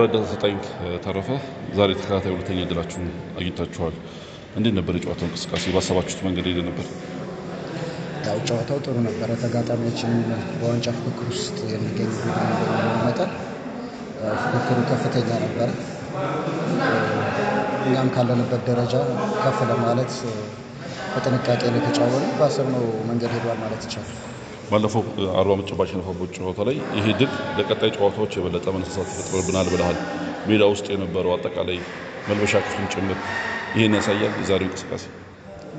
ረዳት አሰልጣኝ ተረፈ ዛሬ ተከታታይ ሁለተኛ እድላችሁን አግኝታችኋል። እንዴት ነበር የጨዋታው እንቅስቃሴ? ባሰባችሁት መንገድ ሄደ ነበር? ያው ጨዋታው ጥሩ ነበረ። ተጋጣሚዎችን በዋንጫ ፉክክር ውስጥ የሚገኙ መጠን ፉክክሩ ከፍተኛ ነበረ። እኛም ካለንበት ደረጃ ከፍ ለማለት በጥንቃቄ ነው በአስር ባሰብነው መንገድ ሄዷል ማለት ይቻላል። ባለፈው አርባ ምንጭ ባሸነፈበት ጨዋታ ላይ ይሄ ድል ለቀጣይ ጨዋታዎች የበለጠ መነሳሳት ይፈጥርብናል ብለሃል። ሜዳ ውስጥ የነበረው አጠቃላይ መልበሻ ክፍሉን ጭምር ይህን ያሳያል። የዛሬው እንቅስቃሴ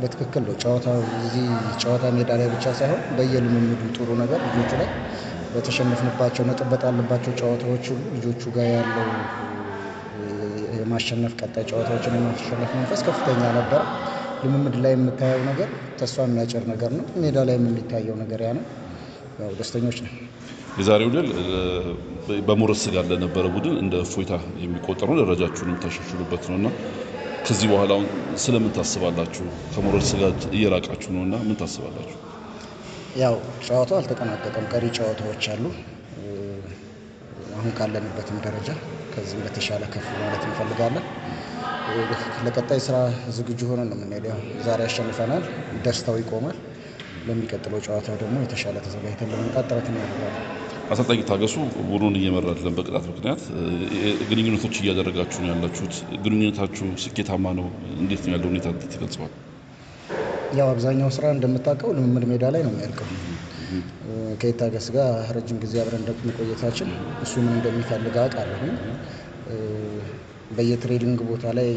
በትክክል ነው። ጨዋታ እዚህ ጨዋታ ሜዳ ላይ ብቻ ሳይሆን በየልምምዱ ጥሩ ነገር ልጆቹ ላይ በተሸነፍንባቸው ነጥብ በጣልንባቸው ጨዋታዎች ልጆቹ ጋር ያለው የማሸነፍ ቀጣይ ጨዋታዎችን የማሸነፍ መንፈስ ከፍተኛ ነበረ። ልምምድ ላይ የምታየው ነገር ተስፋ የሚያጭር ነገር ነው። ሜዳ ላይ የሚታየው ነገር ያ ነው። ደስተኞች ነው። የዛሬው ድል በሞረስ ጋር ለነበረ ቡድን እንደ እፎይታ የሚቆጠር ነው። ደረጃችሁን የምታሻሽሉበት ነው እና ከዚህ በኋላ ስለምን ታስባላችሁ? ከሞረስ ጋር እየራቃችሁ ነው እና ምን ታስባላችሁ? ያው ጨዋታው አልተጠናቀቀም፣ ቀሪ ጨዋታዎች አሉ። አሁን ካለንበትም ደረጃ ከዚህም በተሻለ ከፍ ማለት እንፈልጋለን። ለቀጣይ ስራ ዝግጁ ሆነን ነው የምንሄደው። ዛሬ አሸንፈናል፣ ደስታው ይቆማል። ለሚቀጥለው ጨዋታ ደግሞ የተሻለ ተዘጋጅተን ለመምጣት ጥረት እናደርጋለን። አሰልጣኝ ታገሱ ቡድኑን እየመራ አይደለም። በቅጣት ምክንያት ግንኙነቶች እያደረጋችሁ ነው ያላችሁት። ግንኙነታችሁ ስኬታማ ነው? እንዴት ነው ያለው ሁኔታ ይገልጸዋል? ያው አብዛኛው ስራ እንደምታውቀው ልምምድ ሜዳ ላይ ነው የሚያልቀው። ከየታገስ ጋር ረጅም ጊዜ አብረን መቆየታችን እሱ ምን እንደሚፈልግ አውቃለሁ። በየትሬዲንግ ቦታ ላይ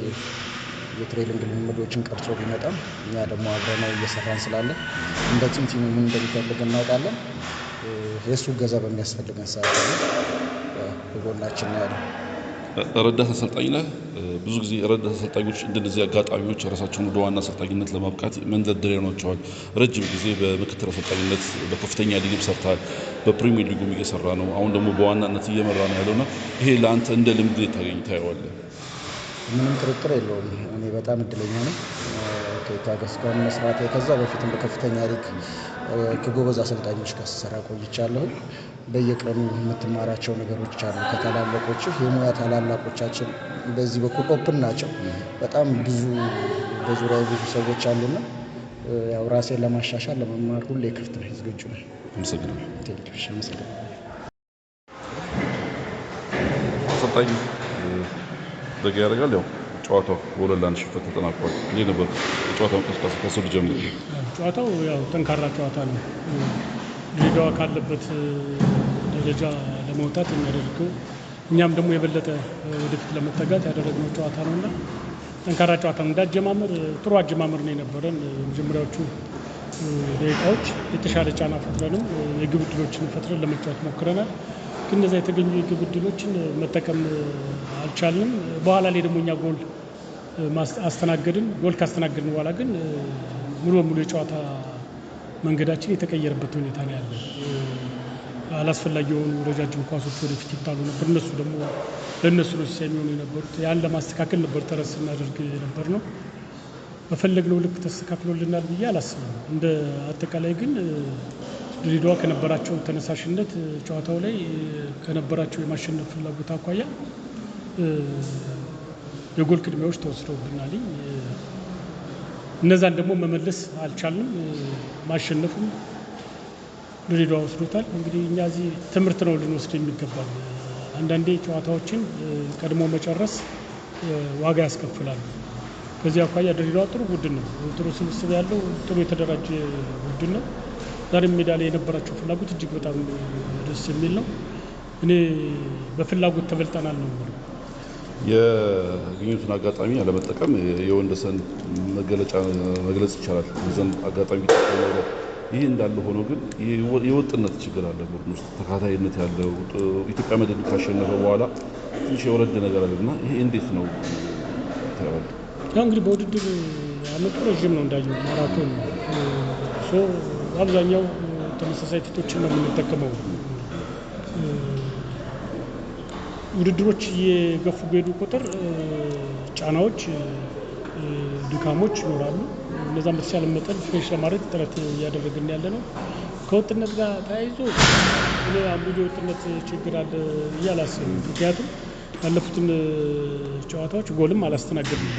የትሬሊንግ ልምምዶችን ቀርጾ ቢመጣም እኛ ደግሞ አብረነው እየሰራን ስላለን እንደ ቲም ቲሙ ምን እንደሚፈልግ እናውቃለን። የእሱ ገዛ በሚያስፈልገን ሰዓት ጎናችን ነው ያለው። ረዳት አሰልጣኝ ነህ። ብዙ ጊዜ ረዳት አሰልጣኞች እንደነዚህ አጋጣሚዎች ራሳቸውን ወደ ዋና አሰልጣኝነት ለማብቃት መንደርደሪያ ናቸዋል። ረጅም ጊዜ በምክትል አሰልጣኝነት በከፍተኛ ሊግም ሰርተሃል፣ በፕሪሚየር ሊጉም እየሰራ ነው፣ አሁን ደግሞ በዋናነት እየመራ ነው ያለውና ይሄ ለአንተ እንደ ልምድ ታገኝ ታየዋለህ? ምንም ጥርጥር የለውም እኔ በጣም እድለኛ ነኝ። ከታገስ ጋር መስራት ከዛ በፊትም በከፍተኛ ሊግ ከጎበዝ አሰልጣኞች ጋር ስሰራ ቆይቻለሁ። በየቀኑ የምትማራቸው ነገሮች አሉ ከታላላቆችህ የሙያ ታላላቆቻችን በዚህ በኩል ኦፕን ናቸው። በጣም ብዙ በዙሪያ ብዙ ሰዎች አሉና ያው ራሴን ለማሻሻል ለመማር ሁሌ ክፍት ነኝ ዝግጁ ነኝ። አመሰግናለሁ ቴንኪው ጥንቃቄ ያደርጋል። ያው ጨዋታው ወለላን ሽንፈት ተጠናቋል። እንዴት ነበር ጨዋታው እንቅስቃሴ? ከሱ ልጀምር። ጨዋታው ያው ጠንካራ ጨዋታ ነው። ድሬዳዋ ካለበት ደረጃ ለመውጣት የሚያደርገው እኛም ደግሞ የበለጠ ወደፊት ለመጠጋት ያደረግነው ጨዋታ ነው እና ጠንካራ ጨዋታ ነው። እንዳጀማመር ጥሩ አጀማመር ነው የነበረን። መጀመሪያዎቹ ደቂቃዎች የተሻለ ጫና ፈጥረንም የግብ ፈጥረን ለመጫወት ሞክረናል። ግን የተገኙ የግብ እድሎችን መጠቀም አልቻልንም። በኋላ ላይ ደግሞ እኛ ጎል አስተናገድን። ጎል ካስተናገድን በኋላ ግን ሙሉ በሙሉ የጨዋታ መንገዳችን የተቀየረበት ሁኔታ ነው ያለ። አላስፈላጊ የሆኑ ረጃጅም ኳሶች ወደፊት ይጣሉ ነበር። እነሱ ደግሞ ለእነሱ ነው ሲሳይ የሚሆኑ የነበሩት። ያን ለማስተካከል ነበር ጥረት ስናደርግ የነበር ነው። በፈለግነው ልክ ተስተካክሎልናል ብዬ አላስብም። እንደ አጠቃላይ ግን ድሬዳዋ ከነበራቸው ተነሳሽነት ጨዋታው ላይ ከነበራቸው የማሸነፍ ፍላጎት አኳያ የጎል ቅድሚያዎች ተወስደውብናል። እነዛን ደግሞ መመለስ አልቻልንም። ማሸነፉም ድሬዳዋ ወስዶታል። እንግዲህ እኛ እዚህ ትምህርት ነው ልንወስድ የሚገባል። አንዳንዴ ጨዋታዎችን ቀድሞ መጨረስ ዋጋ ያስከፍላል። ከዚህ አኳያ ድሬዳዋ ጥሩ ቡድን ነው። ጥሩ ስብስብ ያለው ጥሩ የተደራጀ ቡድን ነው። ዛሬ ሜዳ ላይ የነበራቸው ፍላጎት እጅግ በጣም ደስ የሚል ነው። እኔ በፍላጎት ተበልጠናል ነው የምለው። የግኙቱን አጋጣሚ አለመጠቀም የወንደሰን መገለጫ መግለጽ ይቻላል። ዘን አጋጣሚ ይህ እንዳለ ሆኖ ግን የወጥነት ችግር አለ ቡድን ውስጥ ተካታይነት ያለው ኢትዮጵያ መድን ካሸነፈ በኋላ ትንሽ የወረደ ነገር አለ እና ይሄ እንዴት ነው ያው እንግዲህ በውድድር አመቱ ረዥም ነው እንዳየ ማራቶን አብዛኛው ተመሳሳይ ፊቶችን ነው የምንጠቀመው። ውድድሮች እየገፉ በሄዱ ቁጥር ጫናዎች፣ ድካሞች ይኖራሉ። እነዛም በተቻለ መጠን ፊኒሽ ለማድረግ ጥረት እያደረግን ያለ ነው። ከወጥነት ጋር ተያይዞ እኔ አንዱ የወጥነት ችግር አለ እያላስብ ምክንያቱም ያለፉትን ጨዋታዎች ጎልም አላስተናገድም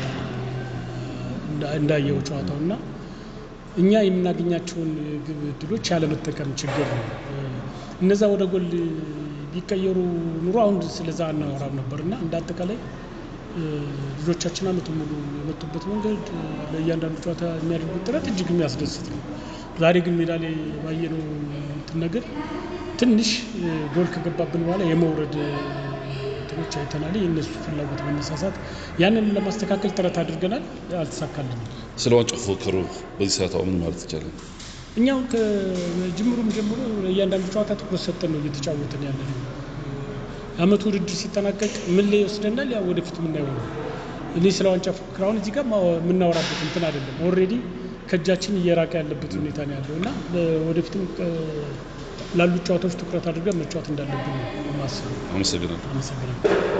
እንዳየው ጨዋታው እና እኛ የምናገኛቸውን ግብ እድሎች ያለመጠቀም ችግር ነው። እነዛ ወደ ጎል ቢቀየሩ ኑሮ አሁን ስለዛ አናወራም ነበር እና እንዳጠቃላይ ልጆቻችን አመቱን ሙሉ የመጡበት መንገድ ለእያንዳንዱ ጨዋታ የሚያደርጉት ጥረት እጅግ የሚያስደስት ነው። ዛሬ ግን ሜዳ ላይ ባየነው እንትን ነገር ትንሽ ጎል ከገባብን በኋላ የመውረድ እንትኖች አይተናል። የእነሱ ፍላጎት መነሳሳት፣ ያንን ለማስተካከል ጥረት አድርገናል፣ አልተሳካልንም። ስለዋንጫ ፉክክሩ በዚህ ሰዓት አሁን ማለት ይቻላል? እኛው ከጅምሩም ጀምሮ እያንዳንዱ ጨዋታ ትኩረት ሰጠን ነው እየተጫወትን ያለ አመቱ ውድድር ሲጠናቀቅ ምን ላይ ይወስደናል፣ ያ ወደፊት የምናየው ነው። እኔ ስለ ዋንጫ ፉክክር አሁን እዚህ ጋር የምናወራበት እንትን አይደለም። ኦልሬዲ ከእጃችን እየራቀ ያለበት ሁኔታ ነው ያለው እና ወደፊትም ላሉት ጨዋታዎች ትኩረት አድርገን መጫወት እንዳለብን ነው የማስበው። አመሰግናለሁ።